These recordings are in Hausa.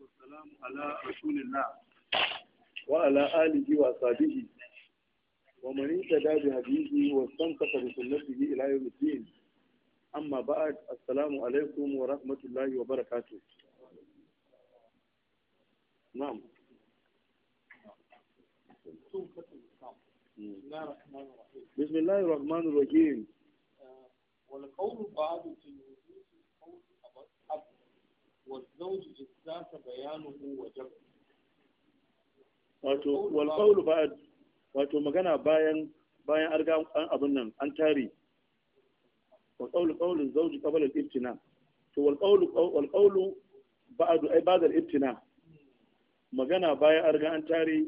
والسلام على رسول الله وعلى آله وأصحابه ومن اهتدى بهديه واستمسك بسنته إلى يوم الدين أما بعد السلام عليكم ورحمة الله وبركاته نعم بسم الله الرحمن الرحيم والقول بعد في والزوج جساس بيانه وجب wato walƙaulu wato magana bayan bayan arga an abin nan an tare walƙaulu ƙaulun zauji qabala al-ibtina to walƙaulu walƙaulu ba'adu ai ba'da al-ibtina magana bayan arga an tare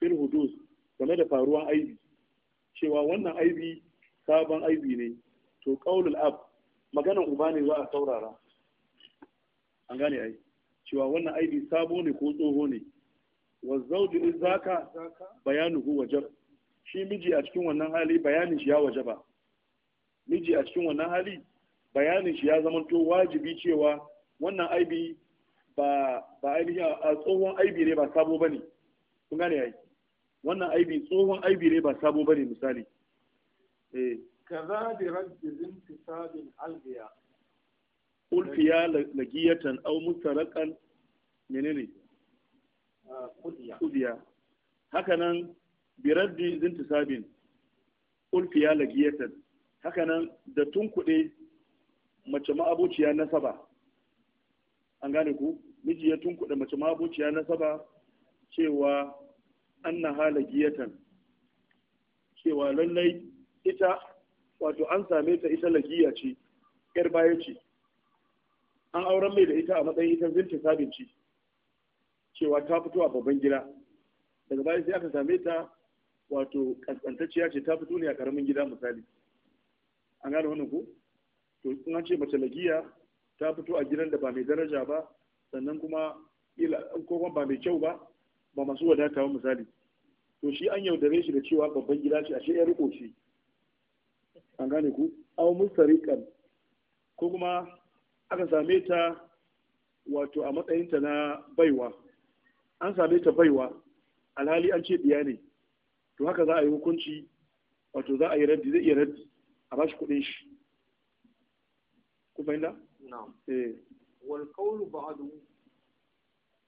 fil hudus game da faruwan aibi cewa wannan aibi sabon aibi ne to ƙaulul ab magana uba ne za a saurara an gane ai cewa wannan aibi sabo ne ko tsoho ne wa zawju in zaka bayanuhu wajab shi miji a cikin wannan hali bayanin shi ya wajaba miji a cikin wannan hali bayanin shi ya zama to wajibi cewa wannan aibi ba ba ainihin a tsohon aibi ne ba sabo bane kun gane ai wannan aibi tsohon aibi ne ba sabo bane misali eh kaza bi raddi intisabil albiya ulfiya lagiyatan au mustarakan menene kudiya hakanan biraddi sabin ulfiya lagiyatan hakanan da tunkuɗe mace ma'abociya nasaba an gane ku miji ya tunkuɗe mace ma'abociya nasaba cewa an na halagiyatan cewa lallai ita wato an same ta ita lagiya ce yar baya ce an auren mai da ita a matsayin ita zinta sabinci cewa ta fito a babban gida daga baya sai aka same ta wato kaskantacciya ce ta fito ne a karamin gida misali an gane wannan ko to in an ce mace lagiya ta fito a gidan da ba mai daraja ba sannan kuma ko ba mai kyau ba ba masu wadata wa misali to shi an yaudare shi da cewa babban gida ce ashe ya riko shi an gane ku au mustariqan ko kuma aka same ta wato a matsayinta na baiwa an same ta baiwa alhali an ce biya ne to haka za a yi hukunci wato za a yi raddi zai iya raddi a bashi kuɗin shi ku fahimta? na'am eh wal qawlu ba'du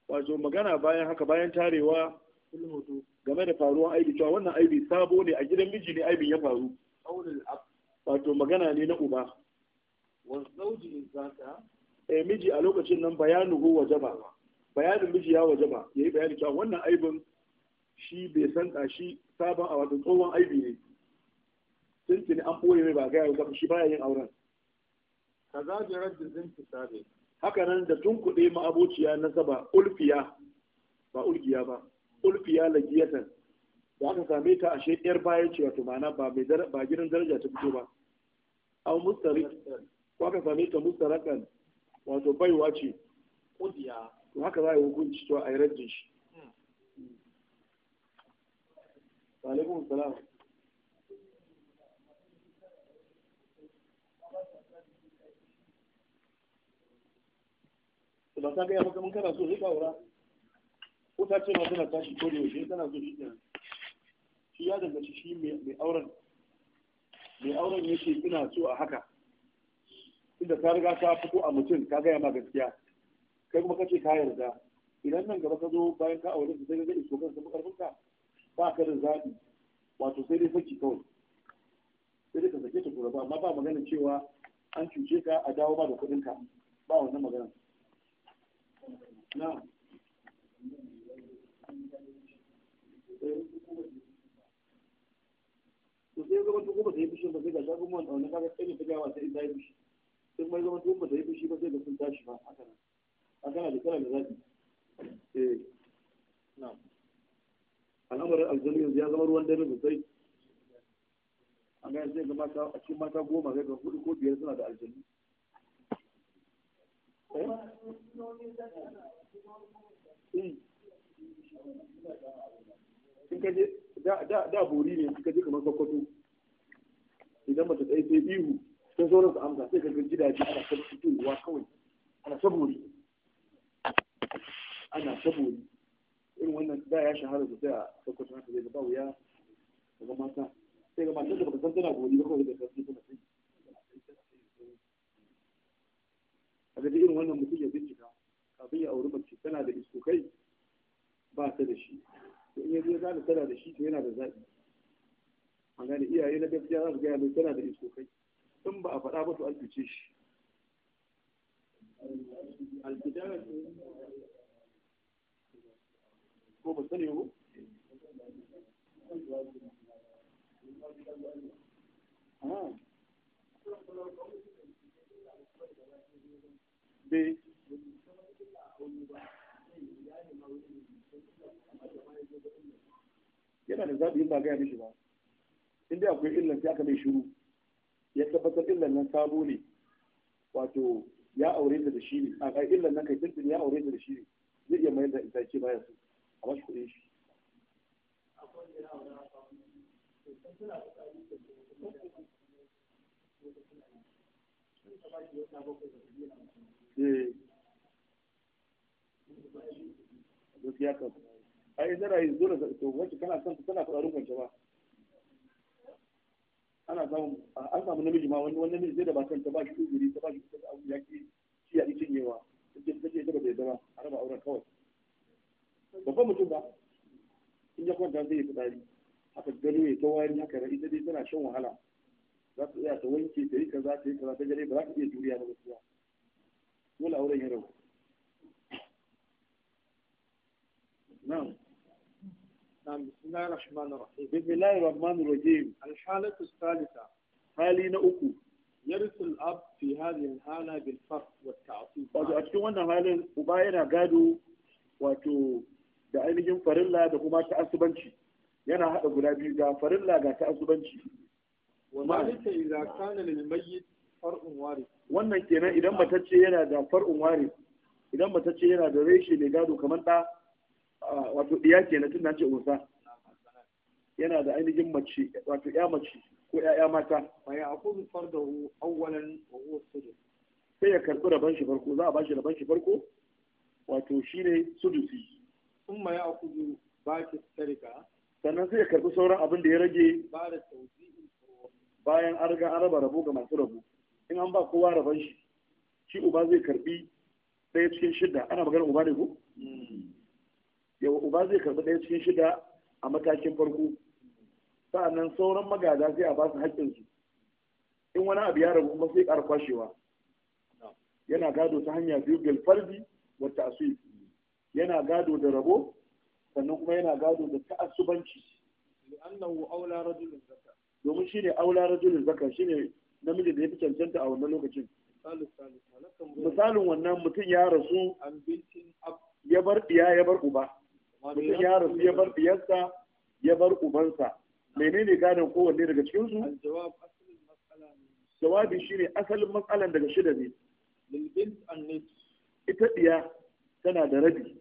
wato magana bayan haka bayan tarewa game da faruwan aibi cewa wannan aibi sabo ne a gidan miji ne aibin ya faru wato magana ne na uba eh miji a lokacin nan bayanuhu wajaba bayanin miji ya wajaba yayi bayani wannan aibin shi bai san shi sabon a wato tsohon aibi ne tuntuni an boye mai ba ga yau ba shi yin auren kaza da rajin zinti sabe haka nan da tunkuɗe ma'abociya nasaba ulfiya ba ulgiya ba ulfiya da aka same ta ashe yar baya cewa tumana ba mai ba gidan daraja ta fito ba aw mustari ko aka same ta mustarakan wato baiwa ce kudiya to haka za a yi hukunci to a yi rajin shi hmm. alaikum salam ba ta gaya maka mun kana so sai ka wura ko ta ce ma tana tashi ko da yaushe tana so shi kenan shi ya danganci shi mai auren mai auren yake ina so a haka inda ka riga ka fito a mutum ka gaya ma gaskiya kai kuma kace ka yarda idan nan gaba ka zo bayan ka aure sai ka ga iso kan samu karfin ka ba ka da zabi wato sai dai saki kawai sai dai ka sake ta kura ba amma ba magana cewa an cuce ka a dawo ba da kuɗin ka ba wannan magana na to sai ga wata kuma ta yi fushi ba sai ga shagun wanda ɗaunin kaga tsaye ta gawa sai ta yi fushi sai kuma zama tuwon da ya fushi ba zai ga sun tashi ba haka nan haka da kana da zaɓi eh na al'amarin aljanu yanzu ya zama ruwan dare sosai an gani sai ga mata a cikin mata goma sai ga hudu ko biyar suna da aljanu eh? hmm. da bori ne suka je kamar sokoto idan mace tsaye sai ihu sai sauran su amsa sai karfin gidaje ana ta fitowa kawai ana sabori ana sabori irin wannan da ya shahara sosai a sakwacin haka zai ba wuya daga mata sai ga matan da ba san tana gori ba kawai da karfi tana sai a gaji irin wannan mutum ya bincika kafin ya auri mace tana da iskokai ba ta da shi to in yanzu ya gane tana da shi to yana da zaɓi an gane iyaye na gaskiya za su gaya mai tana da iskokai in ba a faɗa ba to an shi ko ba sani ko ah. yana da zaɓi in ba gaya mishi ba in dai akwai illan sai aka mai shiru ya tabbatar illan nan sabo ne wato ya aure ta da shi ne a kai illan nan kai tuntun ya aure ta da shi ne zai iya mayar da ita ce baya su a bashi kuɗin shi eh gaskiya kan ai zara yi zo da to wacce kana son tana faɗa rukun ba ana samun an samu namiji ma wani wani namiji zai da bakan ta ba shi uzuri ta ba shi ta abu ya ki shi ya ki cinyewa take take da bai zama a raba auren kawai babban mutum ba in ya kwanta zai yi fitsari haka gano ya ta wari haka rai ita dai tana shan wahala za ta iya ta wanke ta yi kaza ta yi kaza ta gare ba za ta iya juriya ba gaskiya dole auren ya rabu na'am نعم بسم الله الرحمن الرحيم بسم الله الرحمن الرحيم الحالة الثالثة حالي نأكو يرث الأب في هذه الحالة بالفرق والتعصيب a cikin wannan halin uba yana gado wato da ainihin farilla da kuma ta'assubanci yana haɗa guda biyu ga farilla ga ta'assubanci wa malika idza kana lil far'un waris wannan kenan idan matacce yana da far'un waris idan matacce yana da reshe mai gado kamar da wato diya ke na tun na ce unsa yana da ainihin mace wato ya mace ko ya'ya mata fa ya aqulu fardahu awwalan wa huwa sudus sai ya karbi rabon shi farko za a bashi rabon shi farko wato shine sudusi thumma ya ba ki sarika sannan sai ya karbi sauran abin da ya rage bayan an riga an raba rabo ga masu rabo in an ba kowa rabon shi shi uba zai karbi ɗaya cikin shidda ana magana uba ne ko hmm. yawa uba zai karɓi ɗaya cikin shida a matakin farko sa'annan sauran magada sai a basu su haƙƙinsu in wani abu ya rabu kuma sai ƙara kwashewa yana gado ta hanya biyu bil farji wa ta'sib yana gado da rabo sannan kuma yana gado da ta'assubanci li'annahu aula rajulin zakka domin shine aula rajulin zakka shine namiji da ya fi cancanta a wannan lokacin misalin wannan mutum ya rasu ya bar ɗiya ya bar uba mutum ya rasu ya bar biyarsa ya bar ubansa menene gadon kowanne daga cikin su jawabi shine asalin matsalan daga shida ne ita diya tana da rabi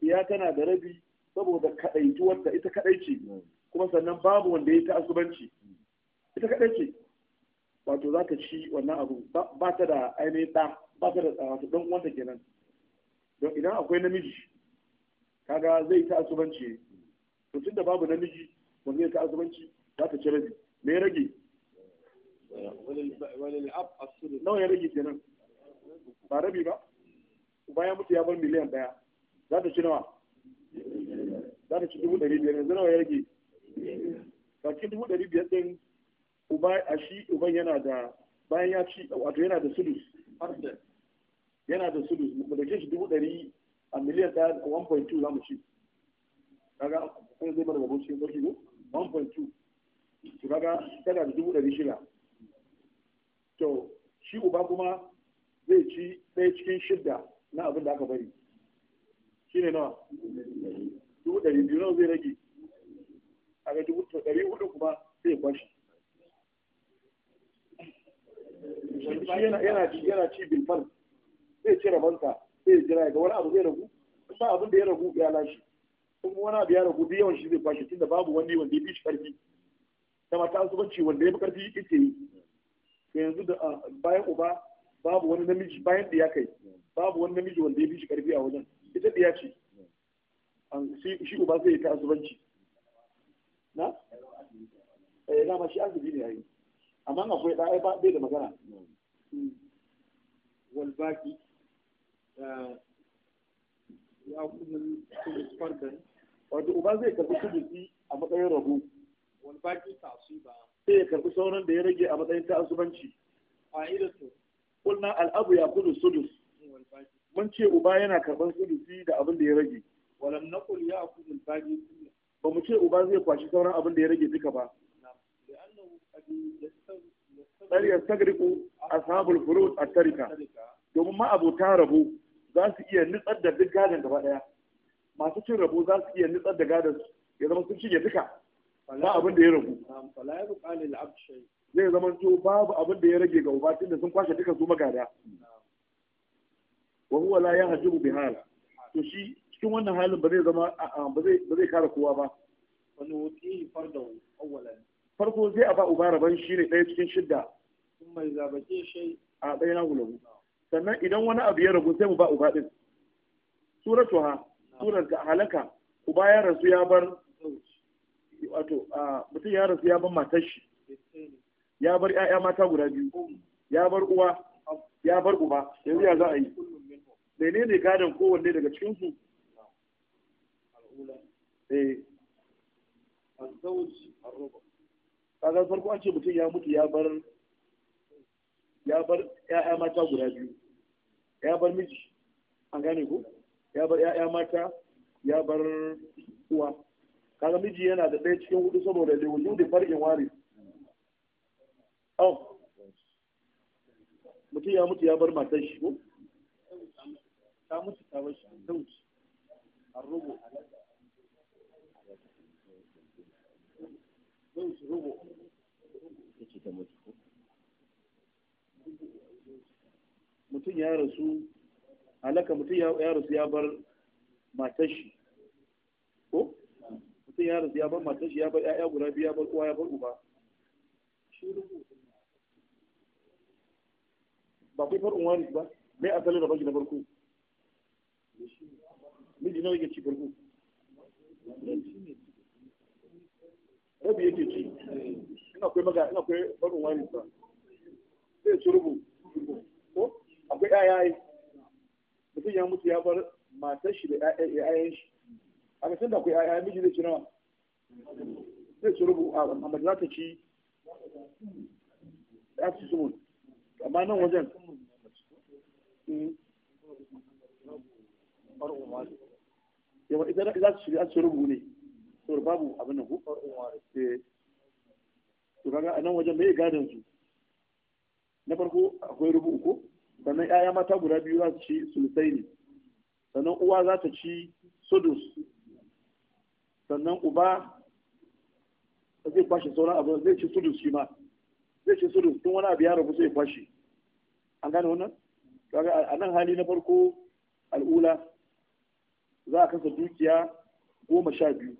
diya tana da rabi saboda kadaituwarta ita kadai ce kuma sannan babu wanda ya ta asubanci ita kadai ce wato za ka ci wannan abu ba ta da ainihin ɗa ba ta da wata ɗan uwanta kenan don idan akwai namiji kaga zai ta asubanci to tunda da babu namiji wanda zai ta asubanci za ta ci rabi me rage nawa ya rage kenan ba rabi ba bayan mutu ya bar miliyan daya za ta ci nawa za ta ci dubu ɗari biyar yanzu nawa ya rage ba dubu ɗari biyar ɗin uba a shi uban yana da bayan ya ci wato yana da sudus yana da sudus mu dauke shi dubu ɗari a miliyan ɗaya da 1.2 za mu ci kaga sai zai bar rabo cikin sarki ko 1.2 su kaga tana da dubu ɗari shida to shi uba kuma zai ci ɗaya cikin shida na abin da aka bari shi ne nawa dubu ɗari biyu nawa zai rage a ga dubu ɗari hudu kuma zai kwashi yana ci yana zai ci rabansa sai jira ga wani abu zai ragu in ba abin da ya ragu ya lashe Kuma wani abu ya ragu yawan shi zai kwashe tunda babu wani wanda ya fi shi karfi da mata asubanci wanda ya fi karfi yake yi yanzu da ah, bayan uba babu wani namiji bayan da ya kai babu wani namiji wanda ya fi shi karfi a wajen ita da ya ce shi uba zai yi ta asubanci na eh dama shi azubi ne a yayi amma akwai da ai ba bai da magana hmm. wal baki wato uba zai karɓi sudusi a matsayin rabu sai ya karɓi sauran da ya rage a matsayin ta'asubanci kulna al'abu ya kudu sudus mun ce uba yana karɓar sudusi da abin da ya rage walam naqul ya kudu al ba mu ce uba zai kwashi sauran abin da ya rage duka ba bal yastagriqu ashabul furud a tarika domin ma abota rabu za su iya nutsar da duk gadon gaba daya masu cin rabo za su iya nutsar da gadon ya zama sun cinye duka ba abin da ya ragu zai zama to babu abin da ya rage ga uba tunda sun kwashe duka su magada wa huwa la yahjubu bi hal to shi cikin wannan halin ba zai zama ba zai ba zai kare kowa ba wani wuti fardahu awwalan farko zai a ba uba raban shi ne ɗaya cikin shidda kuma zabace shi a ɗaya na gulabu sannan idan wani abu ya ragu sai mu ba uba din suratu ha surar ga halaka uba ya rasu ya bar wato mutum ya rasu ya bar matar shi ya bar 'ya'ya mata guda biyu ya bar uwa ya bar uba yanzu ya za a yi menene gadon kowanne daga cikin su eh. kaga farko an ce mutum ya mutu ya bar ya bar 'ya'ya mata guda biyu ya bar miji an gane ku ya bar ya'ya mata ya bar uwa kaga miji yana da ɗaya cikin hudu saboda da da far'in wari oh mutum ya mutu ya bar matan shi ko ta mutu ta bar shi ta wuce a rubu ta ce ta mutu ko mutum ya rasu halaka mutum ya rasu ya bar matashi ko mutum ya rasu ya bar matashi ya bar ya'ya guda biyu ya bar uwa ya bar uba shi rubu ba kai farkon wani ba mai asali da baki na farko miji nawa yake ci farko rabi yake ci ina kai maga ina akwai farkon wani ba sai ci rubu ko akwai ƴaƴa ai mutum ya mutu ya bar matar shi da ƴaƴan shi a kasar da akwai ƴaƴa miji zai ci nawa zai ci rubu a amma za ta ci ya ci su amma nan wajen eh, yawa ita za su shirya su rubu ne saboda babu abin da ku eh. to kaga a nan wajen mai gadon su na farko akwai rubu uku sannan ‘ya'ya mata guda biyu za su ci sulusai ne sannan uwa za ta ci sudus sannan uba zai kwashe sauran abu zai ci sudus shi ma zai ci sudus tun wani abu ya rabu zai kwashe an gane wannan kaga a nan hali na farko al'ula za a kasa dukiya goma sha biyu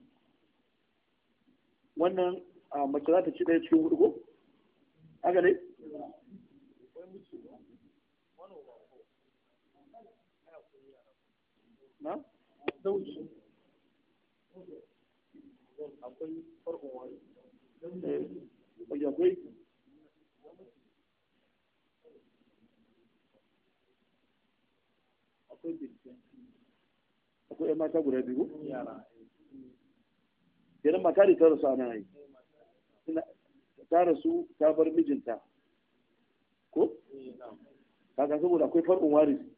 wannan a mace za ta ci ɗaya cikin hudu ko An gane? na zauji akwai farkon wani eh akwai akwai bincin akwai yan mata guda biyu yara kenan mata da ta rasu a nan ta rasu ta bar mijinta ko eh, kaga saboda akwai farkon wari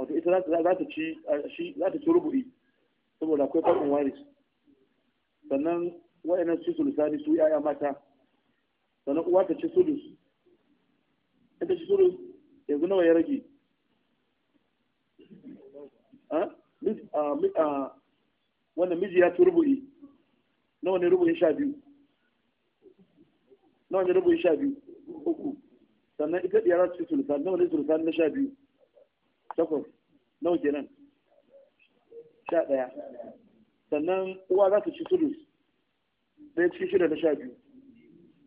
wato ita za ta ci shi za ta ci rubu'i saboda akwai farkon waris sannan wayannan su sulusani su yaya mata sannan uwa ta ci sulus ita ci sulus yanzu nawa ya rage wannan miji ya ci rubu'i nawa ne rubu'in sha biyu nawa ne rubu'in sha biyu uku sannan ita ɗiyar ci sulusani nawa ne sulusani na sha biyu takwas nawa kenan sha ɗaya sannan uwa za ta ci tudu ɗaya cikin shida na sha biyu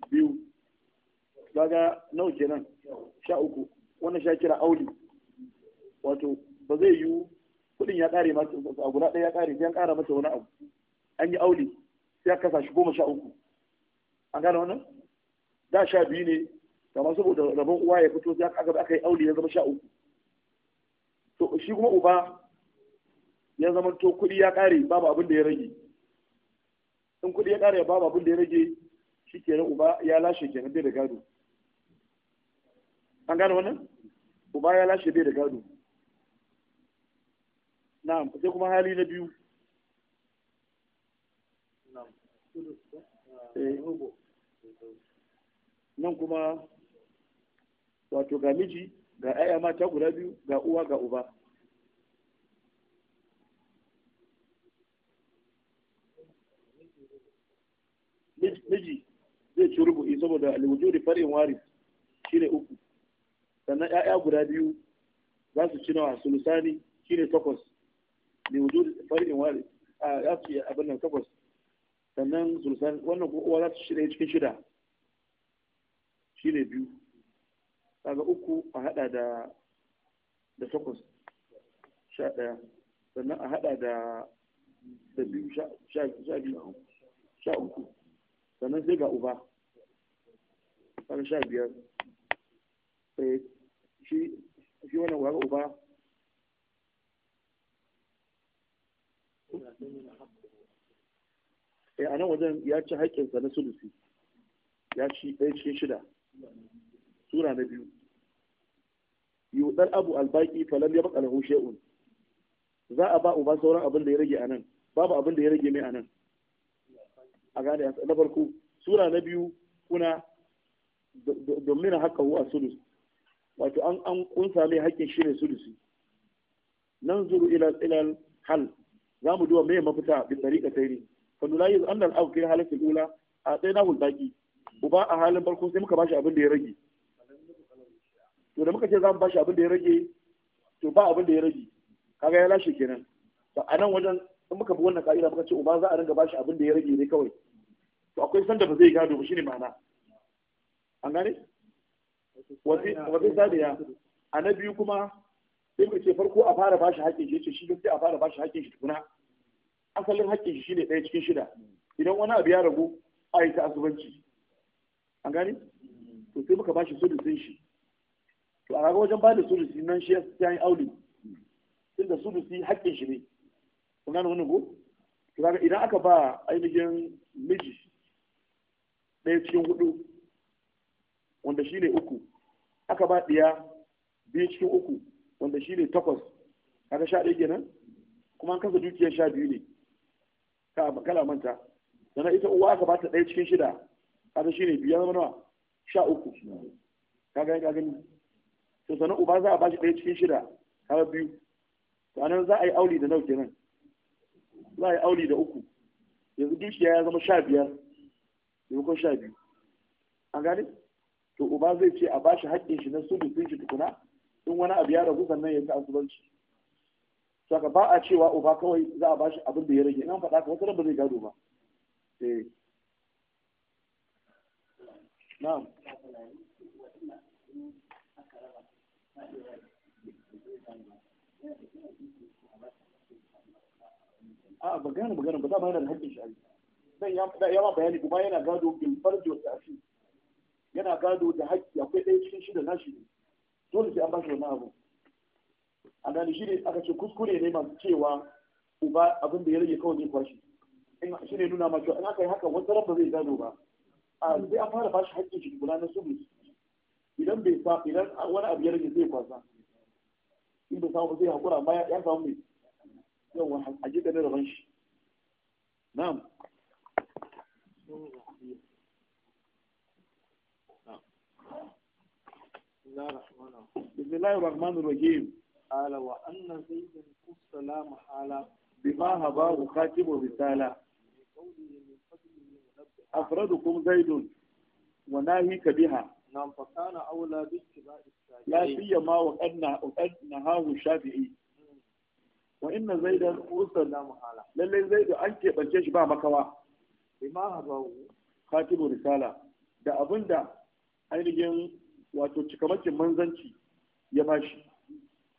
biyu kaga nawa kenan sha uku wannan sha kira auli wato ba zai yiwu kuɗin ya ƙare mata a guda ɗaya ya ƙare sai an ƙara masa wani abu an yi auli sai ya kasa shi goma sha uku an gane wannan da sha biyu ne kamar saboda rabon uwa ya fito sai aka aka yi auli ya zama sha uku to shi kuma uba ya zama to kudi ya kare babu abin da ya rage in kudi ya kare babu abin da ya rage shi kenan uba ya lashe kenan bai da gado an gane wannan uba ya lashe bai da gado na'am sai kuma hali na biyu eh. nan kuma wato ga miji ga 'ya'ya mata guda biyu ga uwa ga uba miji zai ci rubu'i saboda alwujudi farin wari ne uku sannan 'ya'ya guda biyu za su ci nawa shi ne takwas liwujudi farin wari a ya su abin nan takwas sannan sulusani wannan uwa za su ci cikin shida shi ne biyu daga uku a hada da da takwas sha ɗaya sannan a hada da da biyu sha biyu sha uku sannan sai ga uba sannan sha biyar eh, shi shi wannan uba eh, a nan wajen ya ci haƙƙinsa na sulusi ya ci ɗaya cikin shida sura na biyu yudar abu albaki falam ya baka lahu shay'un za a ba uba sauran abin da ya rage anan babu abin da ya rage mai anan a gane na farko sura na biyu kuna domin haqqahu a sudus wato an an kun same haƙƙin shi ne sulusi nan zuru ila ila hal za mu duba mai mafita bi tariqa tayri fa yuz anna al-awqi halatul ula a tsayna hul baqi uba a halin farko sai muka bashi abin da ya rage to da muka ce za mu bashi abin da ya rage to ba abin da ya rage kaga ya lashe kenan to a nan wajen in muka bi wannan ka'ida muka ce uba za a ringa bashi abin da ya rage ne kawai to akwai sanda ba zai gado ba shine ma'ana an gane wace sadiya a na biyu kuma sai muka ce farko a fara bashi haƙƙin shi ce, shi sai a fara bashi haƙƙin shi tukuna asalin haƙƙin shi shine ɗaya cikin shida idan wani abu ya ragu a yi ta asubanci an gane to sai muka bashi sun shi to a raga wajen ba da sulusi nan shi ya yi auli da sulusi haƙƙin shi ne kun gane wannan ko to kaga idan aka ba ainihin miji ɗaya cikin hudu wanda shi ne uku aka ba ɗiya biyu cikin uku wanda shi ne takwas kaga sha ɗaya kenan kuma an kasa dukiyar sha biyu ne kala manta sannan ita uwa aka ba ta ɗaya cikin shida kaga shi ne biyar zama nawa sha uku kaga ka gani to sannan uba za a bashi ɗaya cikin shida har biyu sannan za a yi auli da nauke nan za a yi auli da uku yanzu dukiya ya zama sha biyar maimakon sha biyu an gane to uba zai ce a bashi haƙƙin shi na sun shi tukuna in wani abu ya ragu sannan ya ci asubanci saka ba a cewa uba kawai za a bashi abin da ya rage in faɗa ka wasu ba zai gado ba eh na'am A'a ba gane magana ba dama yana da haƙƙin shari'a zan yawa bayani kuma yana gado bin farji wa tafi yana gado da haƙƙi akwai ɗaya cikin shida na shi dole sai an ba shi wani abu a gani shi ne aka ce kuskure ne masu cewa uba abin da ya rage kawai zai kwashi in shi ne nuna ma cewa in aka yi haka wata ran ba zai gado ba a sai an fara ba shi haƙƙin shi gudanar subis idan bai sa idan wani abu ya rage zai kwasa in bai samu zai hakura amma ya samu mai yawan hakika da raban shi na'am بسم الله الرحمن الرحيم قال وأن زيد قص لا محالة بما هباه خاتم الرسالة أفردكم زيد وناهيك بها nan fa kana aula bi ittiba'i ya fiye ma wa qadna qadna hawu shafi'i wa inna zaidan ursala muhala lalle zaidu an keɓance shi ba makawa bima habawu khatibu risala da abinda ainihin wato cikamakin manzanci ya bashi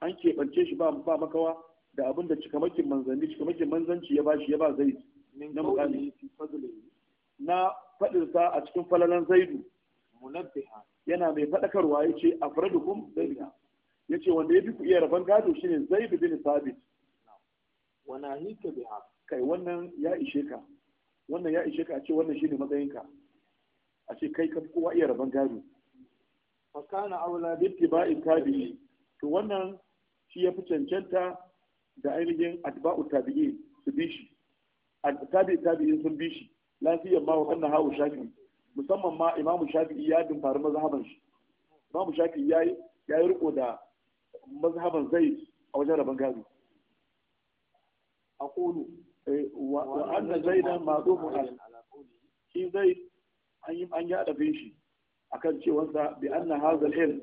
an keɓance shi ba ba makawa da abin da cikamakin manzanni cikamakin manzanci ya bashi ya ba zaidu na mukami na faɗinsa a cikin falalan zaidu munabbiha yana mai fadakarwa yace afradukum zaina yace wanda yafi ku iya rabon gado shine zaid bin sabit wa nahika biha kai wannan ya ishe ka wannan ya ishe ka a ce wannan shine matsayinka a ce kai ka kowa iya rabon gado fa kana aula bi tibai tabi to wannan shi ya fi cancanta da ainihin atba'u tabi'in su bishi. shi tabi'i tabi'in sun bishi. lafiyar ma wa kanna hawo shafi musamman ma Imam Shafi ya faru mazhaban shi Imam Shafi yayi yi riko da mazhaban zai a wajen rabon gado aqulu eh, wa anna Zaidan ma'dufun al shi zai an yi an yada bin shi akan cewar sa bi anna hadha al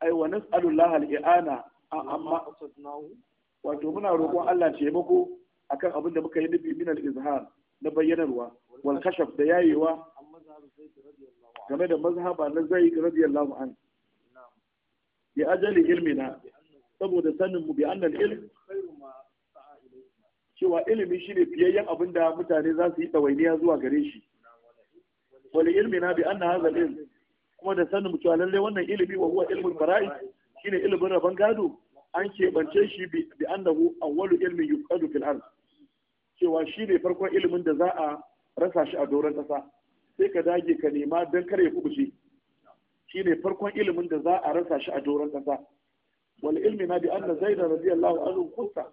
ay wa nas'alu Allah al-i'ana amma wato muna roƙon Allah mako akan abin da muka yi nufi min al-izhar na bayyanarwa wal kashaf da yayewa game da mazhaba na zaid radiyallahu an bi ajali ilmina saboda sanin mu bi annal ilm cewa ilimi shine fiyayyen abin da mutane za su yi tsawainiya zuwa gare shi wal ilmina bi anna hadha ilm kuma da sanin mu cewa lalle wannan ilimi wa huwa ilmul fara'i shine ilimin rabon gado an keɓance shi bi annahu awwalu ilmin yuqadu fil ard cewa shine farkon ilimin da za a rasa shi a doron ƙasa sai ka dage ka nema don kare kubuce shi ne farkon ilimin da za a rasa shi a doron kasa. wal ilmi na bi anna zaidu radiyallahu anhu kusa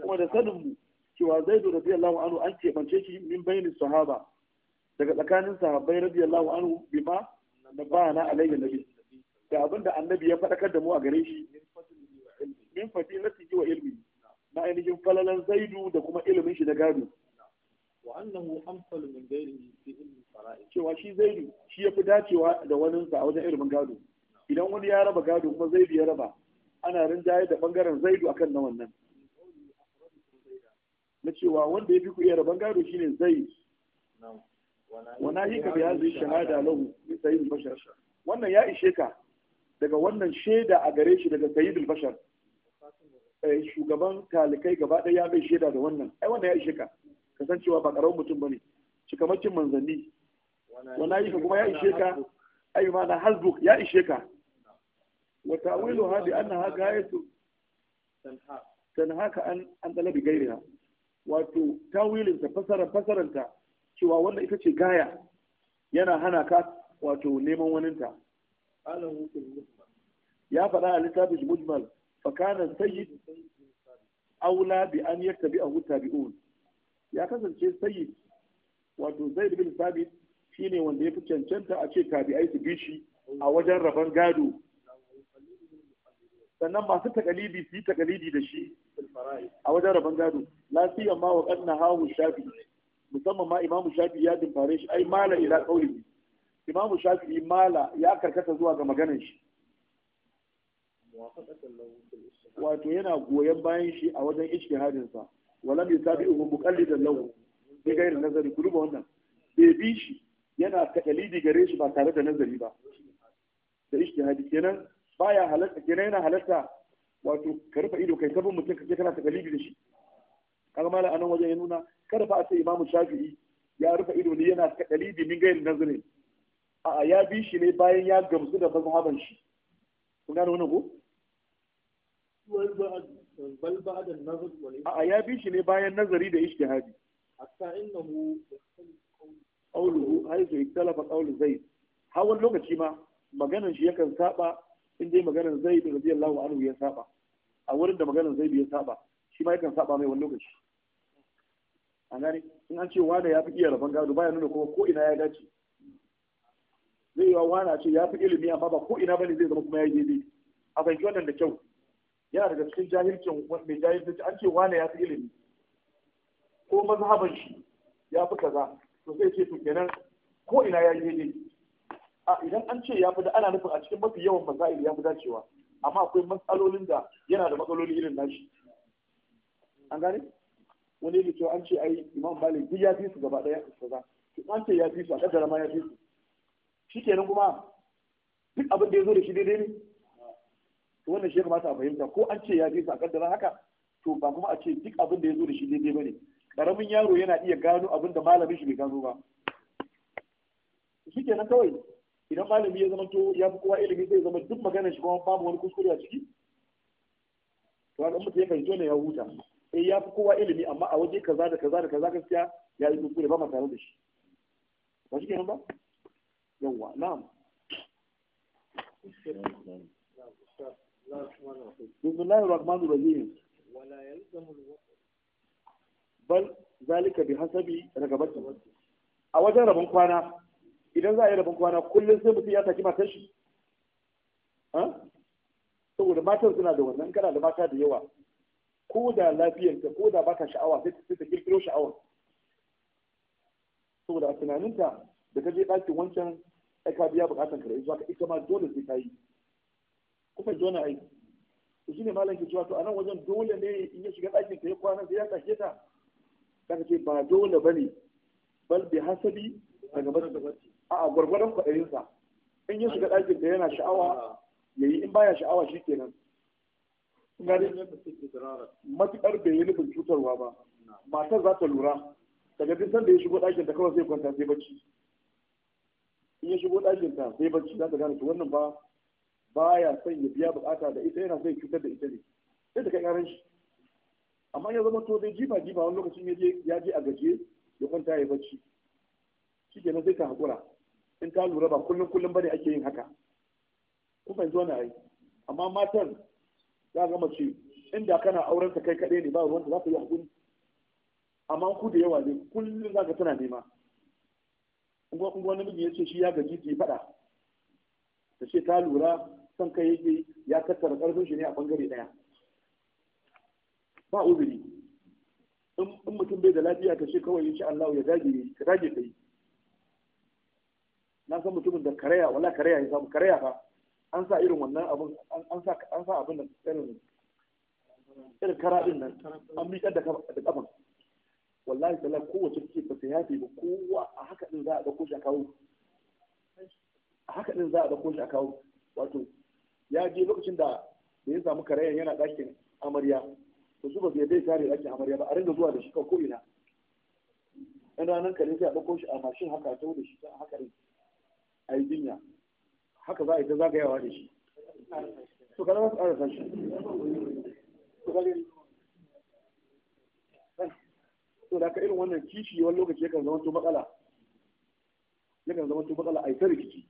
kuma da sanin mu cewa zaidu radiyallahu anhu an kebance shi min bainin sahaba daga tsakanin sahabbai radiyallahu anhu bima na ba na alayhi nabi da abinda annabi ya faɗakar da mu a gare shi min fadilati wa ilmi na ainihin falalan zaidu da kuma ilimin shi da gado wa annahu amsalu min ghairihi fi ilmi fara'id cewa shi zaidu shi yafi dacewa da waninsa a wajen irin gado idan wani ya raba gado kuma zaidu ya raba ana rinjaye da bangaren zaidu akan na wannan na cewa wanda ya fi ku iya raban gado shine zaid wana yi ka biya zai shahada lahu sayyidul bashar wannan ya ishe ka daga wannan shaida a gare shi daga sayyidul bashar eh, shugaban talikai gaba ɗaya ya bai shaida da wannan ai wannan ya ishe ka ka san cewa ba karamin mutum ba ne. cikamakin manzanni wala yi kuma ya ishe ka A ma na hasbuk ya ishe ka wa ta'wilu hadi annaha haka, tanha tanha ka an an talabi gairiha wato tawilin ta fasara fasaranta cewa wannan ita ce gaya yana hana ka wato neman waninta ya faɗa a littafin mujmal fa kana sayyid aula bi an yattabi'ahu tabi'un ya kasance sayyid wato zaid bin sabit ne wanda ya fi cancanta a ce tabi'ai su bi shi a wajen rabon gado sannan masu takalibi su yi takalibi da shi a wajen rabon gado lafiyan ma wa kanna hawu shafi musamman ma imamu shafi ya dimfare shi ai mala ila qaulihi imamu shafi mala ya karkata zuwa ga maganar shi wato yana goyon bayan shi a wajen iske sa walam yusabihu muqallidan lahu bi ghairi nazari ku duba wannan bai bi shi yana takalidi gare shi ba tare da nazari ba da ijtihadi kenan baya halatta kenan yana halatta wato ka rufe ido kai kafin mutum kake kana takalidi da shi kaga malam anan wajen ya nuna kada fa a ce imamu shafi'i ya rufe ido ne yana takalidi min gairin nazarin a'a ya bi shi ne bayan ya gamsu da mazhaban shi kun gane wannan ko bal ba'da nazar wal a ya bi shi ne bayan nazari da ijtihadi hatta innahu qawluhu haythu ikhtalafa qawlu zaid hawan lokaci ma maganar shi yakan saba in dai maganar zaid radiyallahu anhu ya saba a wurin da maganar zaid ya saba shi ma yakan saba mai wani lokaci a gani in an ce wane ya fi iya rabon gado baya nuna kuma ko ina ya dace zai yi wa a ce ya fi ilimi amma ba ko ina bane zai zama kuma ya yi daidai a fahimci wannan da kyau yana daga cikin jahilcin mai jahilci an ce wane ya fi ilimi ko mazhaban shi ya fi kaza to zai ce to kenan ko ina ya yi ne a idan an ce ya fi da ana nufin a cikin mafi yawan masail ya fi dacewa amma akwai matsalolin da yana da matsaloli irin nashi an gane wani yake cewa an ce ai imam malik duk ya fi su gaba daya kaza to an ce ya fi su a kaddara ma ya fi su shikenan kuma duk abin da ya zo da shi daidai ne to wannan shi ya kamata a fahimta ko an ce ya je sa kaddara haka to ba kuma a ce duk abin da ya zo da shi daidai bane karamin yaro yana iya gano abin da malamin shi bai gano ba shi kenan kawai idan malami ya zama to ya fi kowa ilimi zai zama duk maganar shi kuma babu wani kuskure a ciki to an mutum ya fahimci wannan ya huta eh ya fi kowa ilimi amma a waje kaza da kaza da kaza gaskiya ya yi kuskure ba ma tare da shi ba shi kenan ba yawwa na'am bismillahir rahmanir rahim wala yalzamul bal zalika bi hasabi ragabati a wajen rabon kwana idan za a yi rabon kwana kullum sai mutum ya saki matar shi saboda matan suna da wannan kana da mata da yawa ko da lafiyarta ko da baka sha'awa sai ta kirkiro sha'awa saboda a tunaninta da ka je ɗakin wancan ai ka biya bukatan ka ita ma dole sai ta yi kuka jona aiki to shine malam ke cewa to a nan wajen dole ne in ya shiga ɗakin ka ya kwana sai ya tashe ta kaga ce ba dole ne bal bi hasabi a gaba a a gwargwaron kwaɗayin sa in ya shiga ɗakin ka yana sha'awa yayi in baya sha'awa ke nan. matuƙar bai yi nufin cutarwa ba matar za ta lura daga duk sanda ya shigo ɗakin ta kawai sai kwanta sai bacci in ya shigo ɗakin ta sai bacci za ta gane to wannan ba baya son ya biya bukata da ita yana son cutar da ita ne sai ta kai karan shi amma ya zama to dai jifa a wani lokacin ya je ya je a gaje ya kwanta ya bacci nan zai ka hakura in ka lura ba kullum kullum bane ake yin haka kun zo na ai amma matan za ga mace inda kana auren ka kai kaɗai ne ba wanda za ka yi hakuri amma ku da yawa ne kullum za ka tana nema in wani miji ya ce shi ya gaji ta yi faɗa ta ce ta lura son kai yake ya tattara karfin shi ne a bangare daya ba uzuri in mutum bai da lafiya ta ce kawai insha Allah ya dage ka dage kai na san mutumin da karaya wala karaya ya samu karaya fa an sa irin wannan abin an sa an sa abin nan irin irin kara din nan an miƙar da kafan wallahi tallahi kowace take ba ta yafe ba kowa a haka din za a ga shi a kawo a haka din za a dauko shi a kawo wato ya je lokacin da da ya samu karayan yana ɗakin amarya to su ba su yadda ya kare ɗakin amarya ba a ringa zuwa da shi ko ina ɗan ranar kare sai a ɗauko shi a mashin haka ta da shi ta haka din a yi jinya haka za a yi ta zagayawa da shi to kana wasu ƙarasa shi to da ka irin wannan kishi wani lokaci yakan zama to matsala yakan zama to matsala a yi ta rikici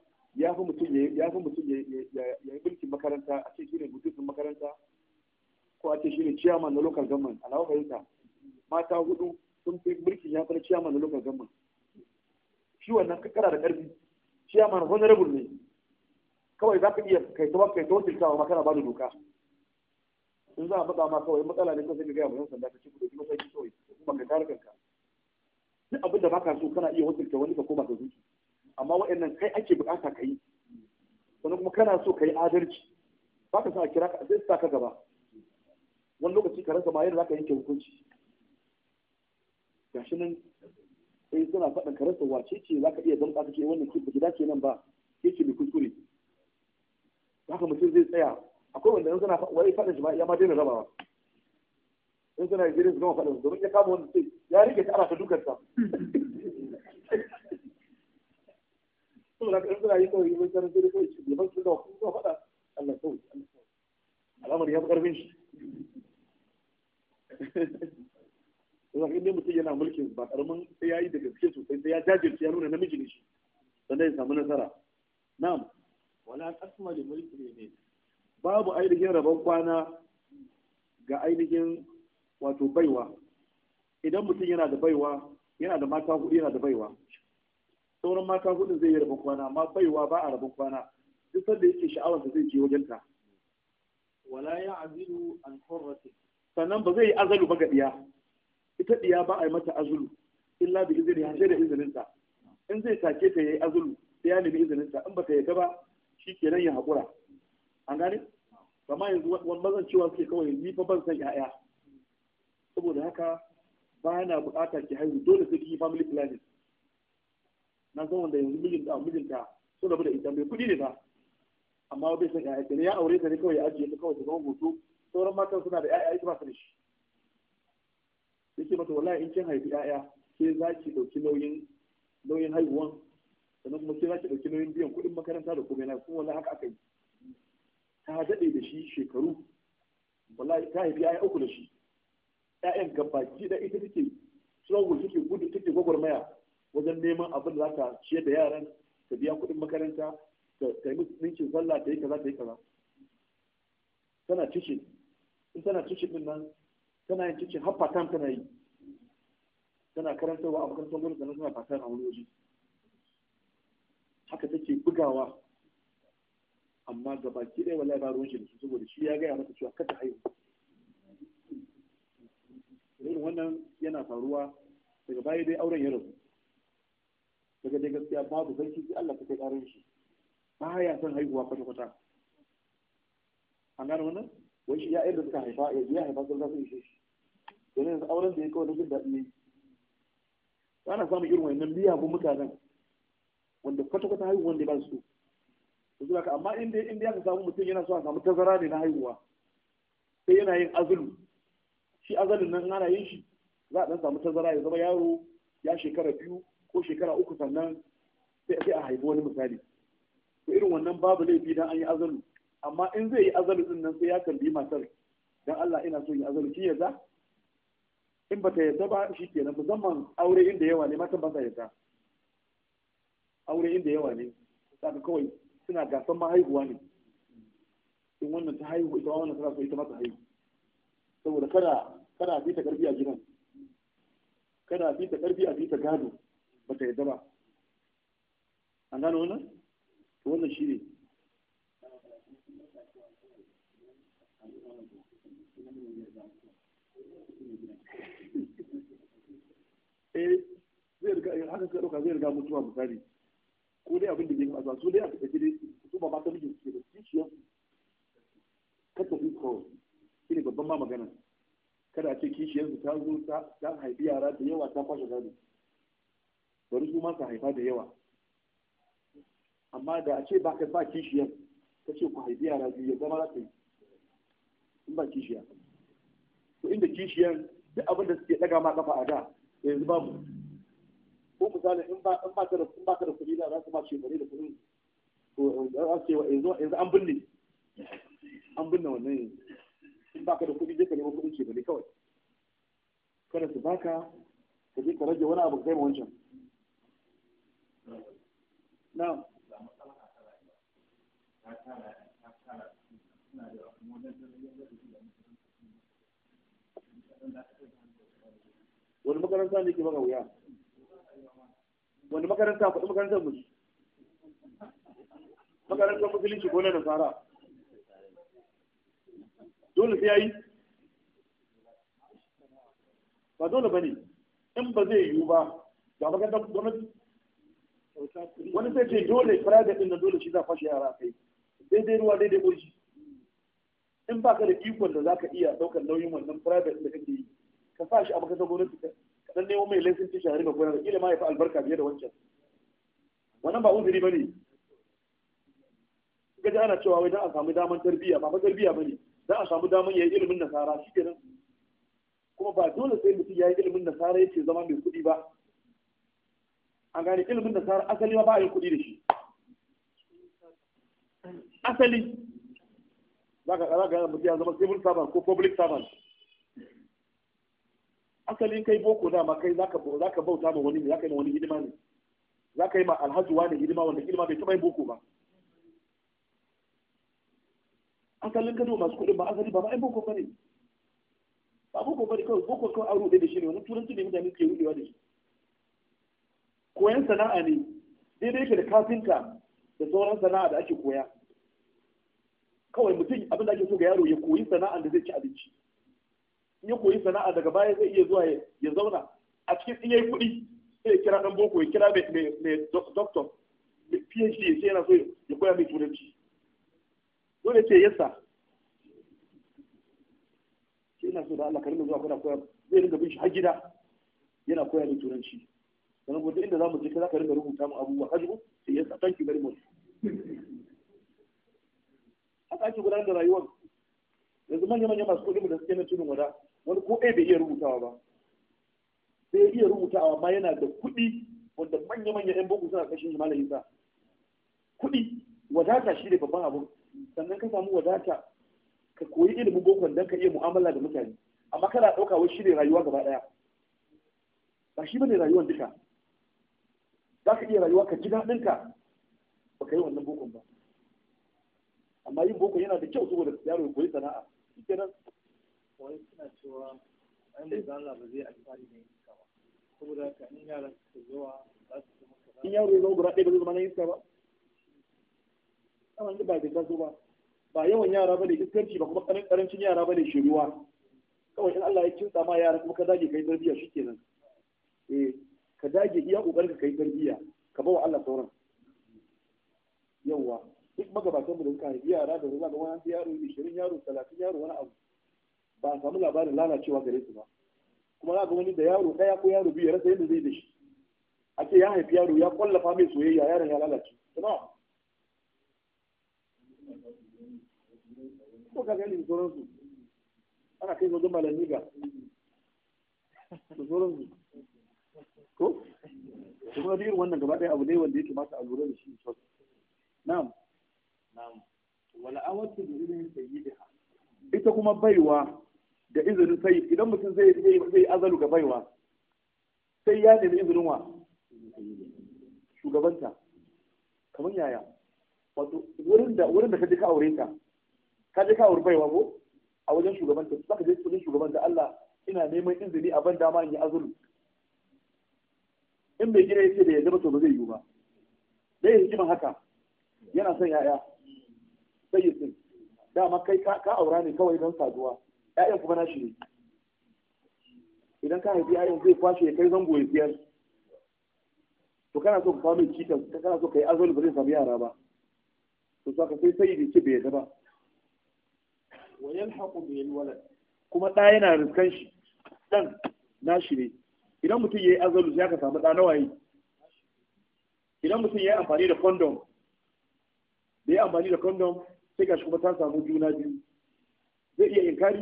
ya fi mutum ya fi mutum ya yi mulkin makaranta a ce shine mutum makaranta ko a ce shine chairman na local government lawa fahimta mata hudu sun fi mulkin ya fi chairman na local government shi wannan kakara da karfi chairman honorable ne kawai za ka iya kai ta kai ta wakiltawa ma kana ba da doka in za a matsa ma kawai matsala ne kawai ka gaya wa yan sanda ka ce ku dauki mataki kawai kuma ka kare kanka duk abin da baka so kana iya wakilta wani ka koma ka zuci amma waɗannan kai ake bukata ka yi wani kuma kana so ka yi adalci ba ka sa kira ka zai sa ka gaba wani lokaci ka rasa ma yadda za ka yanke hukunci gashi nan sai suna faɗin ka rasa wace ce za ka iya zama ka ce wannan ki gida ke nan ba ke ce mai kuskure haka mutum zai tsaya akwai wanda in suna wani faɗin shi ba ya ma daina rabawa in suna gidan su gama faɗin su domin ya kama wanda sai ya rike ta ana ta dukansa saboda yi mai kawai gaban su da kuma faɗa Allah kawai al'amar ya fi ƙarfin shi mutum yana mulkin ba ƙaramin sai ya yi da gaske sosai sai ya jajirce ya nuna namiji ne shi sannan ya samu nasara na'am wala asma da mulki ne babu ainihin rabon kwana ga ainihin wato baiwa idan mutum yana da baiwa yana da mata hudu yana da baiwa sauran mata huɗu zai yi rabin kwana amma baiwa ba a rabin kwana duk sanda yake sha'awar da zai je wajen wala ya azilu an hurrati sannan ba zai yi azalu ba ga diya ita diya ba a yi mata azulu illa bi izini hanje da izinin ta in zai take ta yi azulu sai ya nemi izinin ta in ta yadda ba shikenan ya hakura an gane amma yanzu wani mazan cewa suke kawai ni fa ban san ya'ya saboda haka ba na buƙatar ki haihu dole sai ki yi family planning na san wanda yanzu mijinta mijinta so da ita mai kuɗi ne ba amma bai san ƴaƴa ne ya aure ta ne kawai ya ajiye ta kawai ta zama hoto sauran matan suna da ƴaƴa ita ba ta da shi yake mata wallahi in kin haifi ƴaƴa ke za ki ɗauki nauyin nauyin haihuwan sannan kuma ke za ki ɗauki nauyin biyan kuɗin makaranta da komai na kuma wallahi haka aka yi ta daɗe da shi shekaru wallahi ta haifi ƴaƴa uku da shi ƴaƴan gabaki da ita take struggle gudu take gwagwarmaya wajen neman abin da za ka ciyar da yaran ka biya kuɗin makaranta ka yi musu ɗinkin sallah ka yi kaza ta yi kaza tana cikin in tana cikin din nan tana yin cikin har fatan tana yi tana karantarwa a makarantar gwamnati sannan tana fatan a wani waje haka take bugawa amma ga baki ɗaya wallahi ba ruwan shi da saboda shi ya gaya mata cewa kada haihu irin wannan yana faruwa daga baya dai auren ya rabu daga dai gaskiya babu sarki sai Allah ka kai karin shi ba ya san haihuwa kwata kwata an gano wannan wai shi ya'yan da suka haifa ya biya haifa sun zasu ishe shi don yanzu auren da ya kawo na jin daɗi ne ba na samun irin wannan ko mutanen wanda kwata kwata haihuwan da ba su su haka amma in dai in dai aka samu mutum yana so a samu tazara ne na haihuwa sai yana yin azulu shi azalin nan ana yin shi za a dan samu tazara ya zama yaro ya shekara biyu ko shekara uku sannan sai a haifi wani misali to irin wannan babu laifi dan an yi azalu amma in zai yi azalu din nan sai ya tambayi matar dan Allah ina so yi azalu shi yadda? in ba ta yarda ba shi kenan musamman aure inda yawa ne matan ba sa yadda. aure inda yawa ne saka kawai suna gasan ma haihuwa ne in wannan ta haihu ita wannan tana so ita ma ta haihu saboda kada kada a fita karfi a gidan kada a fita karfi a fita gado ba ta yadda ba an gano wannan to wannan shi ne eh zai riga eh, haka ka dauka zai riga mutuwa misali ko dai abin da ke kasa su dai a tafi dai su ba ba ta mijin ke da kishiyar ka tafi ko shi ne babban ma magana kada a ce kishiyar su ta zo ta haifi yara da yawa ta kwashe gado bari su ma su haifa da yawa amma da a ce ba ka ba kishiyar ka ce ku haifi yara biyu ya zama za in ba kishiya to inda kishiyar duk abin da suke daga ma kafa a da yanzu babu ko misali in ba in ba ka da in ba ka da kuɗi da za su ma shekaru da kuɗin to za su ce yanzu yanzu an binne an binne wannan yanzu in ba ka da kuɗi zai ka nemo kuɗin shekaru kawai kada su baka ka je ka rage wani abu kai ma wancan wani makaranta ne ke maka wuya wani makaranta kuɗi makarantar musu makarantar musulunci ko na nasara dole sai yayi ba dole ba ne in ba zai yiwu ba ga makarantar gwamnati wani sai ce dole private din da dole shi za fashe yara kai daidai ruwa daidai burji in ba ka da ikon da za ka iya daukar nauyin wannan private da kake yi ka sa shi a makarantar gwamnati ka dan nemo mai laifin ci shahari ga gwamnati kila ma ya fi albarka biye da wancan wannan ba uzuri bane gaji ana cewa wai don a samu daman tarbiyya ba tarbiyya ne. Don a samu daman yayi ilimin nasara shi nan. kuma ba dole sai mutum ya yi ilimin nasara yake zama mai kuɗi ba an gane ilimin da sarar asali ma ba a yi kuɗi da shi asali za ka ƙara gane mutu ya zama civil servant ko public servant asali kai boko dama kai za ka bauta ma wani ne za ka yi ma wani hidima ne za ka yi ma alhajuwa wani hidima wanda hidima bai taɓa yin boko ba asalin gado masu kuɗin ba asali ba ba boko ba ne ba boko ba ne kawai boko kawai an ruɗe da shi ne wani turanci ne mutane ke ruɗewa da shi koyan sana'a ne daidai yake da kafinta da sauran sana'a da ake koya kawai mutum abin da ake so ga yaro ya koyi sana'a da zai ci abinci in ya koyi sana'a daga baya zai iya zuwa ya zauna a cikin in yayi kuɗi sai ya kira dan boko ya kira mai mai doctor mai PhD ya ce yana so ya koya mai turanci dole ce yasa sai yana so da Allah karimin zuwa kuna koya zai ringa bin shi har gida yana koya mai turanci sannan gobe inda za mu je ka za ka rinka rubuta mu abubuwa ka jibu sai ya thank you very much haka ake gudanar da rayuwar yanzu manya manya masu kuɗi da suke na tudun wada wani ko ɗaya bai iya rubutawa ba sai iya rubutawa ma yana da kuɗi wanda manya manya yan boko suna kashin himalayya sa kuɗi wadata shi ne babban abu sannan ka samu wadata ka koyi ilimin boko, don ka iya mu'amala da mutane amma kana ɗauka wai shi ne rayuwa gaba ɗaya ba shi ne rayuwar duka za ka iya rayuwa ka ji daɗinka ba ka yi wannan bokon ba amma yin boko yana da kyau saboda yaro ya koyi sana'a shi kenan wani suna cewa an da zala ba zai alfahari da iska ba saboda ka in yara ka zuwa za su zama kaza in yaro ya zama guda ɗaya ba zai zama na iska ba kamar ba bai taso ba ba yawan yara ba ne iskarci ba kuma karancin yara ba ne shiruwa kawai in Allah ya kinsa ma yara kuma ka zage kai tarbiyya shi kenan eh ka dage iya kokarin ka yi tarbiyya ka bawa Allah sauran yawa duk magabatan mu da suka haifi yara da zuwa ga wani yaro 20 yaro 30 yaro wani abu ba a samu labarin lalacewa gare su ba kuma za ga wani da yaro daya ko yaro biyu ya rasa yadda zai da shi ake ya haifi yaro ya kwallafa mai soyayya yaron ya lalace kuma ko ka gani sauransu ana kai wajen malamni ga sauransu ko kuma da irin wannan gaba ɗaya abu ne wanda ya mata a lura da shi sosai na'am na'am wala awatu bi idin sayyidiha ita kuma baiwa da izinin sai idan mutum zai zai azalu ga baiwa sai ya nemi izinin wa shugabanta kamar yaya wato wurin da wurin da ka ka aure ta ka je ka aure baiwa ko a wajen shugabanta saka je wajen shugabanta Allah ina neman izini a ban dama in yi azulu in bai gina yake da ya zama to ba zai yiwu ba dai jima haka yana son yaya sai ya tsin dama kai ka aura ne kawai don saduwa Ya'yan kuma nashi ne idan ka haifi 'ya'yan zai kwashe ya kai zango ya biyar to kana so ka kawo mai cikas kana so ka yi azoli ba zai samu yara ba to saka sai sai da ce bai yarda ba wa yalhaqu bil walad kuma ɗaya yana riskan shi ɗan nashi ne idan mutum ya yi azalu sai aka samu ɗa nawa yi idan mutum ya yi amfani da kondom da ya amfani da kondom sai gashi kuma ta samu juna biyu zai iya inkari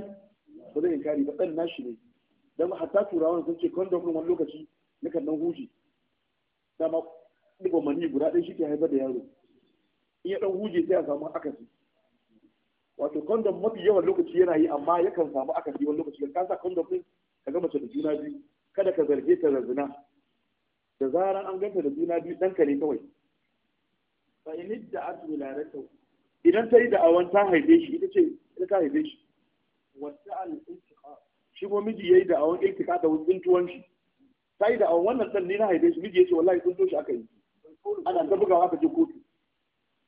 ba zai inkari ba ɗan nashi ne don hatta turawan sun ce kondom ɗin wani lokaci na kan nan huji dama ɗigon mani guda ɗaya shi ke haifar da yaro in ya ɗan huje sai a samu akasi wato kondom mafi yawan lokaci yana yi amma yakan samu akasi wani lokaci ka sa kondom ɗin ka gama da juna biyu kada ka zarge ta da zina da zaran an ganta da juna biyu ɗanka ne kawai fa in da atu wiladatu idan ta yi da awon ta haife shi ita ce ita ta haife shi wata al shi ko miji yayi awon iltika da tsintuwan shi ta yi da awon wannan dan ne na haife shi miji yace wallahi tsinto shi aka yi ana ta bugawa aka je kotu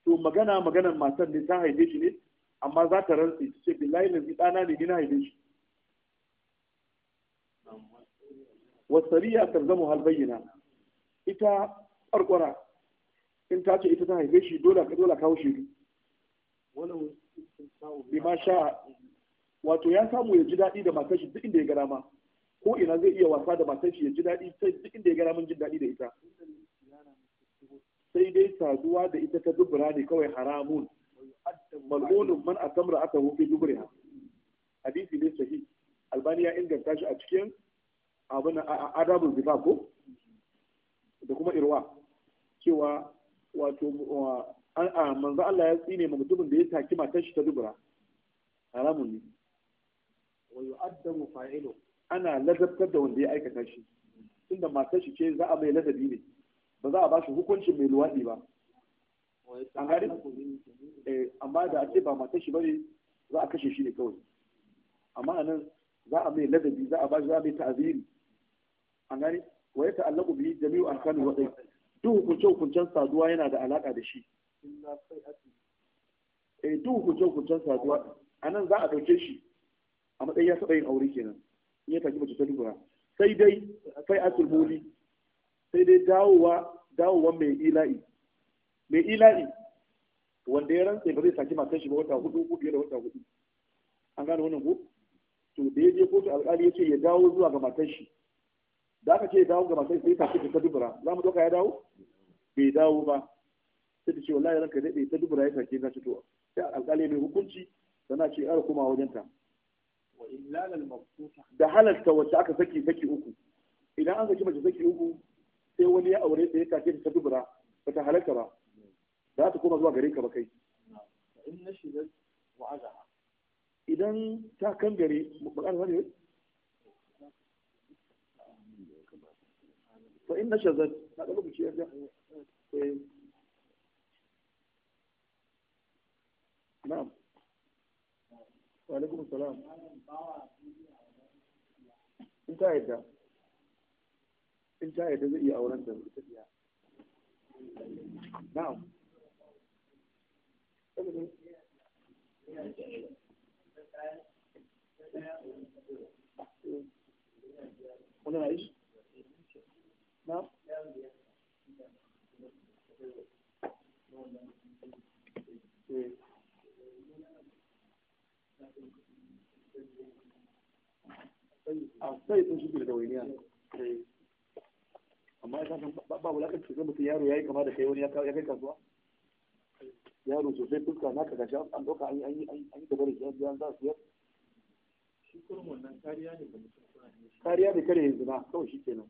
to magana maganan matan ne ta haife shi ne amma za ta rantsi Ita ce billahi na ɗana ne ni na haife shi wasariya tarzamu hal bayyana ita ƙwarƙwara in ta ce ita ta haife shi dole ka dole kawo shi bi ma sha wato ya samu ya ji daɗi da matar shi duk inda ya gara ma ko ina zai iya wasa da matar shi ya ji daɗi sai duk inda ya gara mun jin daɗi da ita sai dai saduwa da ita ta dubura ne kawai haramun mal'unun man atamra aka hufi dubriha hadisi ne sahih albani ya inganta shi a cikin abin adabul zifa ko da kuma irwa cewa wato manzo Allah ya tsine ma mutumin da ya taki matar shi ta dubura haramun ne wa yu'addamu fa'ilu ana ladabtar da wanda ya aikata shi tunda matar shi ce za a mai ladabi ne ba za a ba shi hukuncin mai luwaɗi ba an gari eh, amma da a ce ba matar shi bane za a kashe shi ne kawai amma anan za a mai ladabi za a ba shi za a mai ta'aziri an wa ya ta'allaku bi jami'u arkanu wa dai duk hukunce hukuncen saduwa yana da alaka da shi eh duk hukunce hukuncen saduwa anan za a dauke shi a matsayin ya taɓa yin aure kenan in ya tafi mace ta dubura sai dai sai asul huli sai dai dawowa dawowa mai ila'i mai ila'i wanda ya rantse ba zai saki matan shi ba wata hudu ko biyar da wata hudu an gane wannan ko to da ya je kotu alƙali ya ce ya dawo zuwa ga matan shi da aka ce dawo ga matar sai ta ta dubura za mu doka ya dawo bai dawo ba sai ta ce wallahi ranka daɗe ta dubura ya sake na ci to sai alƙali mai hukunci sana ce ƙara koma wajen ta da halarta wacce aka saki saki uku idan an saki mace saki uku sai wani ya aure ta ya sake ta dubura ba ta halarta ba za ta koma zuwa gare ka ba kai idan ta kan gare bukatar wani فإن نشذت هذا ممكن شيء يرجع نعم وعليكم السلام انت عيدا انت عيدا زي اولا انت نعم نعم Yeah. na ah, sai sun shige da wani amma ya zai mutum yaro kama da kai wani ya kai kasuwa yaro sosai fuska na ka gashi an an yi an yi da bari za su shi kurmun nan kariya ne ga mutum kariya ne kare yanzu na kawai shi kenan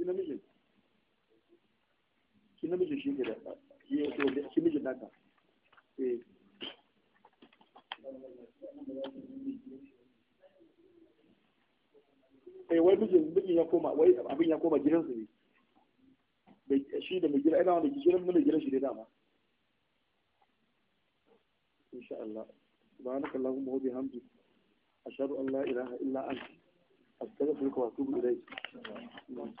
shi namijin shi namijin shi ke da shi mijin naka eh eh wai mijin mijin ya koma wai abin ya koma gidansa ne shi da mai gida ina wanda gidan mun gidan shi da dama insha Allah subhanaka allahumma wa bihamdika ashhadu an la ilaha illa anta أستغفرك وأتوب إليك